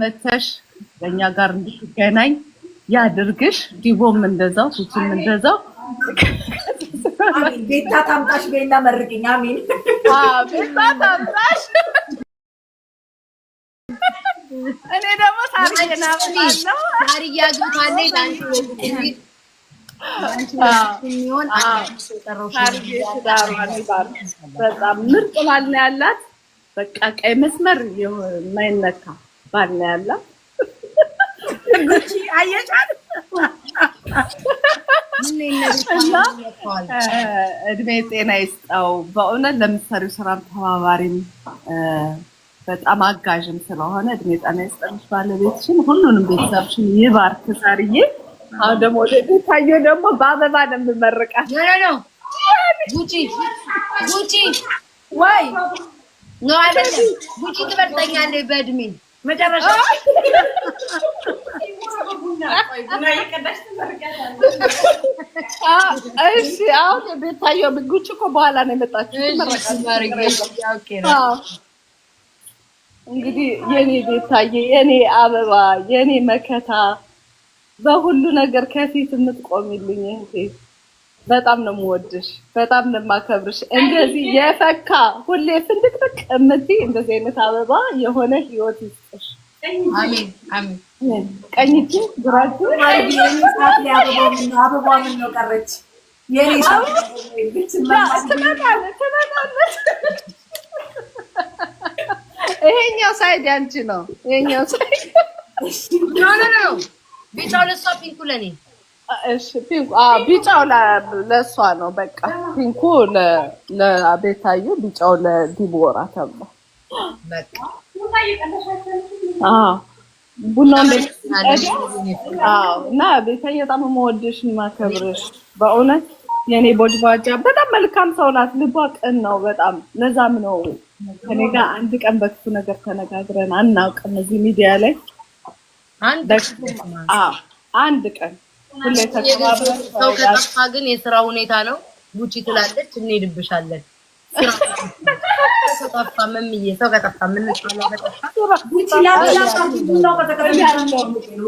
መተሽ በእኛ ጋር እንድትገናኝ ያድርግሽ። ዲቦም እንደዛው፣ ሱሱም እንደዛው ቤታ ታምጣሽ። ቤና መርቅኝ። አሜን። ቤታ ታምጣሽ። እኔ ደግሞ ሳርዬ በጣም ምርጥ ባል ነው ያላት። በቃ ቀይ መስመር የማይነካ ባና ያላ ጉቺ አየቻት እድሜ ጤና ይስጠው። በእውነት ለምትሰሪው ስራም ተባባሪም በጣም አጋዥም ስለሆነ እድሜ ጤና ይስጠልሽ። ባለቤትሽን ሁሉንም ቤተሰብሽን ይባርክ ሳርዬ። አሁን ደግሞ ታየ ደግሞ በአበባ ነው የምመርቃት። ጉቺ ጉቺ ትበልጠኛለች በእድሜ መጨረሻ እሺ። አሁን እኮ በኋላ ነው የመጣችው። እንግዲህ የኔ ቤታዬ፣ የኔ አበባ፣ የኔ መከታ፣ በሁሉ ነገር ከፊት የምትቆሚልኝ እህቴ በጣም ነው የምወድሽ፣ በጣም ነው የማከብርሽ። እንደዚህ የፈካ ሁሌ ፍንድቅድቅ እምትይ እንደዚህ አይነት አበባ የሆነ ህይወት ይስጥሽ። አሜን አሜን። ቀኝ እጅ ግራጁ አበባ ምን ነው ቀረች ይሄኛው ሳይድ ያንቺ ነው። ይሄኛው ሳይድ ነው ነው ቢጫው ለሷ ፒንኩ ለኔ ቢጫው ለእሷ ነው። በቃ ፒንኩ ለቤታዩ፣ ቢጫው ለዲቦራ ተብሎ ቡና እና ቤታዬ በጣም መወድሽ ማከብርሽ በእውነት የኔ ቦጅባጃ በጣም መልካም ሰው ናት። ልቧ ቅን ነው በጣም ለዛም ነው ከኔ ጋር አንድ ቀን በክፉ ነገር ተነጋግረን አናውቅም እዚህ ሚዲያ ላይ አንድ ቀን ሰው ከጠፋ ግን የስራ ሁኔታ ነው። ጉቺ ትላለች፣ እንሄድብሻለን። ጠፋ መምዬ፣ ሰው ከጠፋ ምን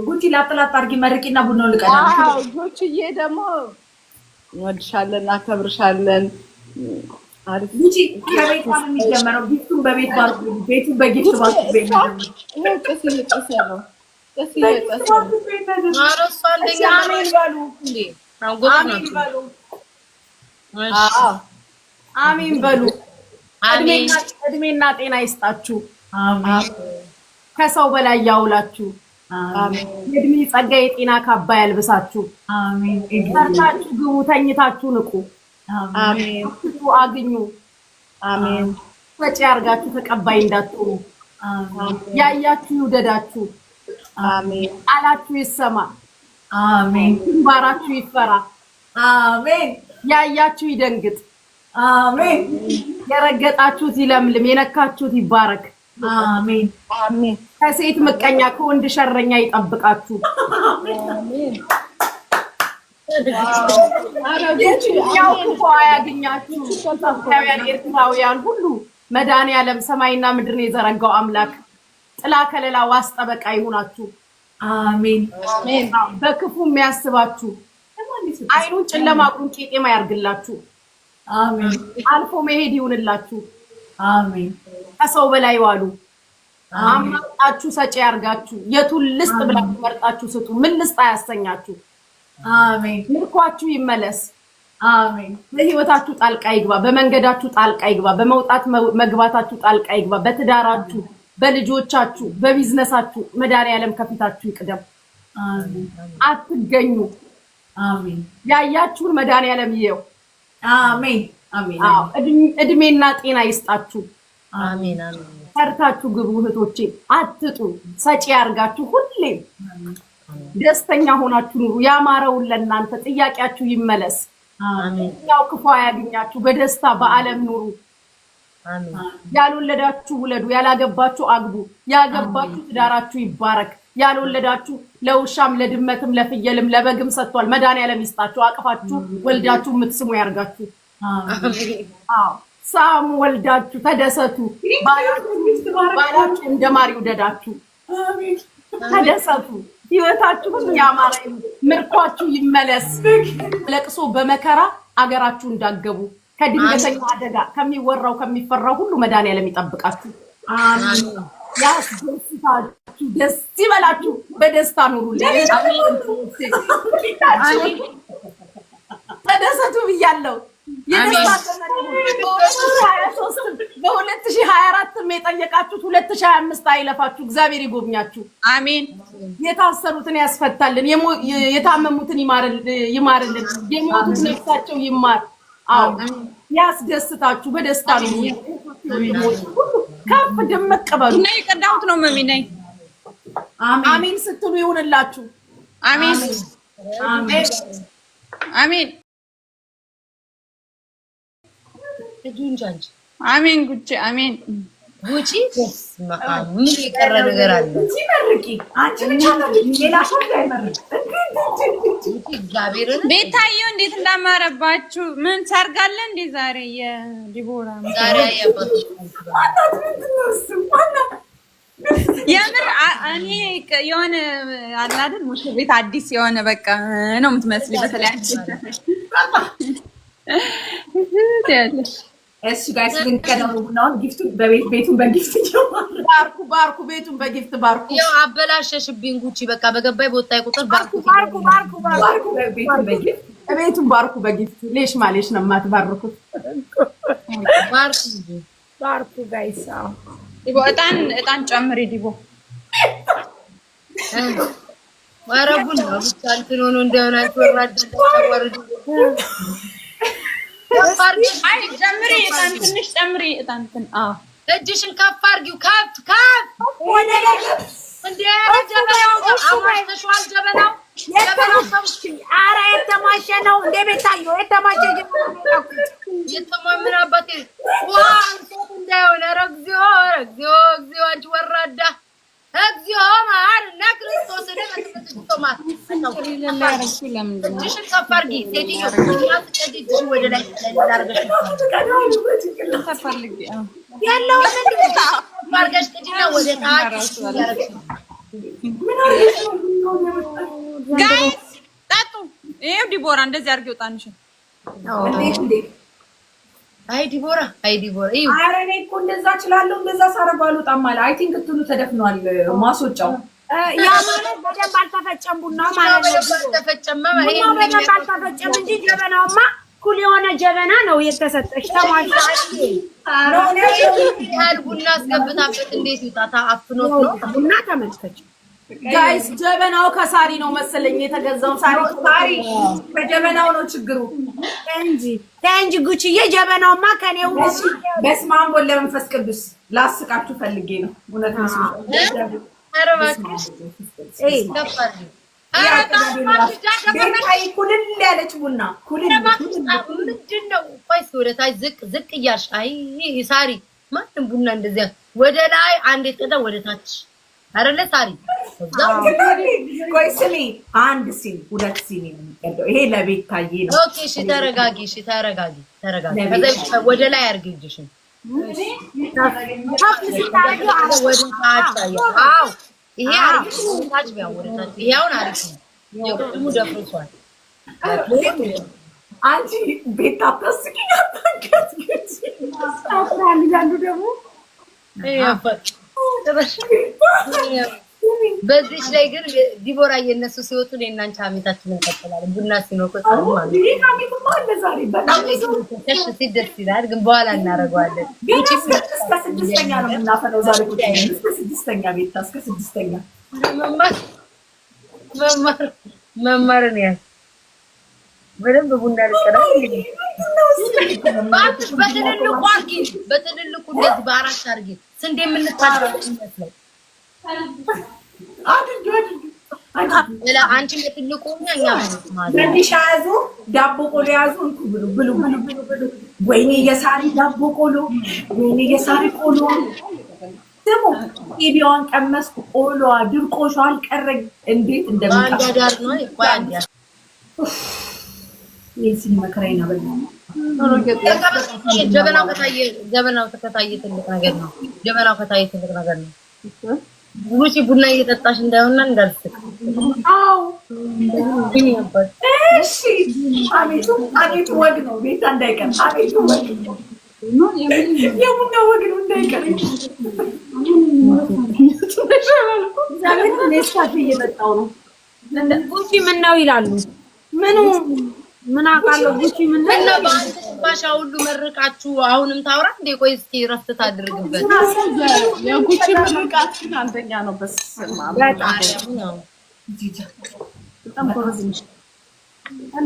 ጉቺ ላጥላት አድርጊ፣ መርቂና ቡና ልቀና። ጉቺዬ ደግሞ እንወድሻለን፣ እናከብርሻለን። ቤቱን በቤት ባርኩ፣ ቤቱን በጌት ባርኩ። ቤት ነው አሜን በሉ። እድሜና ጤና ይስጣችሁ። ከሰው በላይ ያውላችሁ። የእድሜ ጸጋ የጤና ካባ ያልብሳችሁ። ሰርታችሁ ግቡ፣ ተኝታችሁ ንቁ። አግኙ። ወጪ አድርጋችሁ ተቀባይ እንዳትሆኑ ያያችሁ ይውደዳችሁ። አሜን። ቃላችሁ ይሰማ። አሜን። ግንባራችሁ ይፈራ። አሜን። ያያችሁ ይደንግጥ። አሜን። የረገጣችሁት ይለምልም፣ የነካችሁት ይባረክ። አሜን። አሜን። ከሴት ምቀኛ ከወንድ ሸረኛ ይጠብቃችሁ። አሜን። ያው ክፉ አያገኛችሁ። ኢትዮጵያውያን ኤርትራውያን ሁሉ መድኃኔዓለም ሰማይና ምድርን የዘረጋው አምላክ ጥላ ከለላ፣ ዋስ ጠበቃ ይሆናችሁ። አሜን። በክፉ የሚያስባችሁ አይኑን ጨለማ አቅሩን ቄጤማ ያርግላችሁ። አሜን። አልፎ መሄድ ይሁንላችሁ። አሜን። ከሰው በላይ ዋሉ። አማጣችሁ ሰጪ ያርጋችሁ። የቱን ልስጥ ብላችሁ መርጣችሁ ስጡ። ምን ልስጥ አያሰኛችሁ። አሜን። ምርኳችሁ ይመለስ። አሜን። በህይወታችሁ ጣልቃ ይግባ። በመንገዳችሁ ጣልቃ ይግባ። በመውጣት መግባታችሁ ጣልቃ ይግባ። በትዳራችሁ በልጆቻችሁ በቢዝነሳችሁ መድኃኒዓለም ከፊታችሁ ይቅደም። አትገኙ። ያያችሁን መድኃኒዓለም ይየው። እድሜና ጤና ይስጣችሁ። ሰርታችሁ ግቡ እህቶቼ፣ አትጡ። ሰጪ ያርጋችሁ። ሁሌም ደስተኛ ሆናችሁ ኑሩ። ያማረውን ለእናንተ ጥያቄያችሁ ይመለስ። ያው ክፉ ያገኛችሁ። በደስታ በዓለም ኑሩ። ያልወለዳችሁ ውለዱ፣ ያላገባችሁ አግቡ፣ ያገባችሁ ትዳራችሁ ይባረክ። ያልወለዳችሁ ለውሻም ለድመትም ለፍየልም ለበግም ሰጥቷል። መድኃኒዓለም ይስጣችሁ፣ አቅፋችሁ ወልዳችሁ የምትስሙ ያርጋችሁ። ሳሙ፣ ወልዳችሁ ተደሰቱ። ባላችሁ እንደ ማር ይውደዳችሁ፣ ተደሰቱ። ህይወታችሁም ያማረ ምርኳችሁ ይመለስ። ለቅሶ በመከራ አገራችሁ እንዳገቡ ከድንገተኛ አደጋ ከሚወራው ከሚፈራው ሁሉ መድኃኒዓለም ይጠብቃችሁ። ያስደስታችሁ፣ ደስ ይበላችሁ፣ በደስታ ኑሩልኝ። ተደሰቱ ብያለሁ። በሁለት ሺህ ሀያ አራትም የጠየቃችሁት ሁለት ሺህ ሀያ አምስት አይለፋችሁ፣ እግዚአብሔር ይጎብኛችሁ። አሜን። የታሰሩትን ያስፈታልን፣ የታመሙትን ይማርልን፣ የሞቱት ነፍሳቸው ይማር ያስደስታችሁ በደስታ ነው። ከፍ ድምቅ በሉ። የቀዳሁት ነው መሚ ነኝ። አሜን ስትሉ ይሁንላችሁ። አሚን አሜን አሜን። ጉጭ አሜን ጉጭ ምን የቀረ ነገር አለ? ቤታዬ እንዴት እንዳማረባችሁ! ምን ሰርጋለን እንዴ ዛሬ? የዲቦራ የምር እኔ የሆነ አለ ሙሽ ቤት አዲስ የሆነ በቃ ነው የምትመስል። በተለይ እሱ ጋር ስንቀደሙ ነው። ጊፍቱ በቤት ቤቱን በጊፍት ጀመረ ባርኩ ባርኩ፣ ቤቱን በጊፍት ባርኩ። ያው አበላሸሽብኝ ጉቺ። በቃ በገባይ በወጣይ ቁጥር ባርኩ ባርኩ ባርኩ ባርኩ፣ ቤቱን ባርኩ በጊፍት። ሌሽ ማሌሽ ነው የማትባርኩት። ባርኩ ባርኩ ጋይሳ ዲቦ እጣን እጣን ጨምሪ ዲቦ። ማረቡን ነው ብቻልትን ሆኖ እንደሆነ ወራድ ወርድ ጨምሪ እጣን፣ ትንሽ ጨምሪ እጣን። አዎ እጅሽን ከፍ አድርጊው። ከፍ ከፍ እንደ ጀበናው ኧረ የተሟሸ ነው እንደ ቤታየሁ የተሟሸ ምን ውሃ እንሰጥ እንዳይሆን። ኧረ እግዚኦ፣ ኧረ እግዚኦ፣ እግዚኦ አንቺ ወራዳ እግዚኦ ማር እና ክርስቶስን እጅሽን ከፍ አድርጊ ሴትዮ፣ እጅሽን ወደ ላይ ያለው ጠጡ። ይኸው ዲቦራ እንደዚህ አድርጌው ጣንሽ። አይ ዲቦራ፣ አይ ዲቦራ፣ ኧረ እኔ እኮ እንደዛ እችላለሁ። እንደዛ ሳደርገው አልወጣም አለ። አይ ቲንክ እንትኑ ተደፍኗል ማስወጫው። ያ ማለት በደንብ አልተፈጨም ቡና ማለት ነው። አልተፈጨም እንጂ ጀበናውማ እኩል የሆነ ጀበና ነው የተሰጠች። ተማልል ቡና አስገብታበት እንዴት ይውጣ? አፍኖት ነው ቡና ተመልከች። ጋይስ ጀበናው ከሳሪ ነው መሰለኝ የተገዛው። ሳሪ ሳሪ ከጀበናው ነው ችግሩ እንጂ እንጂ ጉቺዬ፣ ጀበናውማ ከኔው። በስመ አብ ወወልድ ወመንፈስ ቅዱስ። ላስቃችሁ ፈልጌ ነው እውነት መስሎኝ ኩልል ያለች ቡና ምንድን ነው? ቆይ እንደዚያ ወደ ላይ አንዴ ቀዳ ወደ ታች አይደለ? ሳሪ፣ ቆይ ስሚ፣ አንድ ሲኒ ሁለት ሲኒ የሚቀደው ይሄ ለቤታዬ ነው። ኦኬ፣ እሺ፣ ተረጋጊ፣ እሺ፣ ተረጋጊ፣ ተረጋጊ። ወደ ላይ አድርጊ እጅሽን ይሄ አሪፍ ነው። ታጅ አሪፍ ነው። የቁሙ አንቺ ቤት አታስቂኝ። አንዱ ደግሞ በዚች ላይ ግን ዲቦራ የነሱ ሲወጡ እኔ እና አንቺ ሀሜታችን እንቀጥላለን። ቡና ሲኖር ደስ ይላል፣ ግን በኋላ እናደርገዋለን። መማርን ያህል በደንብ ቡና በትልልቁ አድርጊ፣ በትልልቁ እንደዚህ በአራት አድርጊ ስንዴ የምንታረው ይመስለው ያዙ ዳቦ ቆሎ ያዙ እንኩ ብሉ ብሉ ብሉ ብሉ። ወይኔ የሳሪ ዳቦ ቆሎ፣ ወይኔ የሳሪ ቆሎ። ስሙ ቢዋን ቀመስ ቆሎዋ ድርቆሿ አልቀረኝ። እንዴት መከራዬን አበላኝ። ጀበናው ከታየ ትልቅ ነገር ነው። ጀበናው ከታየ ትልቅ ነገር ነው። ጉቺ ቡና እየጠጣሽ እንዳይሆንና እንዳልስቅ። አዎ እሺ። አቤቱ አቤቱ፣ ወግ ነው ቤት እንዳይቀር። አቤቱ ወግ ነው የቡና ወግ ነው እንዳይቀር። እየጠጣሁ ነው ምን ምነው ይላሉ። ምኑ ምን አውቃለሁ ምን ነው ገባሽ? ሁሉ መርቃችሁ አሁንም ታውራ እንዴ? ቆይ እስኪ ረፍት ታድርግበት። የጉቺ መርቃት አንደኛ ነው። በስማ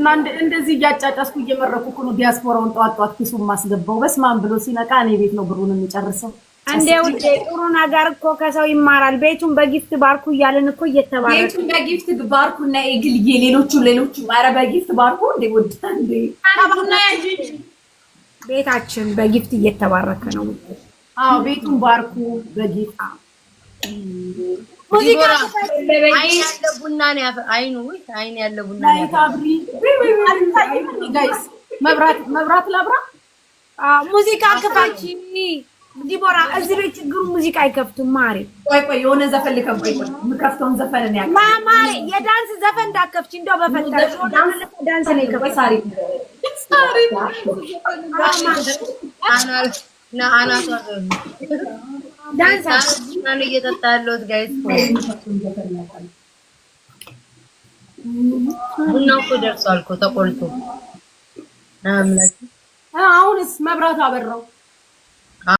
እና እንደዚህ እያጫጫስኩ እየመረኩ ነው ዲያስፖራውን ጠዋት ጠዋት ኪሱን ማስገባው። በስማን ብሎ ሲነቃ እኔ ቤት ነው ብሩን የሚጨርሰው። እንዴ ውዴ ጥሩ ነገር እኮ ከሰው ይማራል። ቤቱን በጊፍት ባርኩ እያልን እኮ እየተባረክ ቤቱን በጊፍት ባርኩ እና እግልዬ ሌሎቹ ሌሎቹ ኧረ በጊፍት ባርኩ እንዴ ውድ እንዴ ቤታችን በጊፍት እየተባረከ ነው። አዎ ቤቱን ባርኩ በጊፍት ሙዚቃ ያለ አይን ያለ ቡና መብራት መብራት ላብራ ሙዚቃ ክፋች ዲቦራ እዚህ ቤት ችግሩ ሙዚቃ አይከፍቱም። ማሪ ቆይ ቆይ የሆነ ዘፈን ልከፍ ቆይ ቆይ የምከፍተውን ዘፈን ነው ያለው። ማሪ፣ የዳንስ ዘፈን እንዳከፍች እንደው በፈጠረሽ ዳንስ ዳንስ ነው የከፈተው። ሳሪ ሳሪ ና ዳንስ ጋይስ ደርሷል እኮ ተቆልቶ አሁንስ መብራቱ አበራው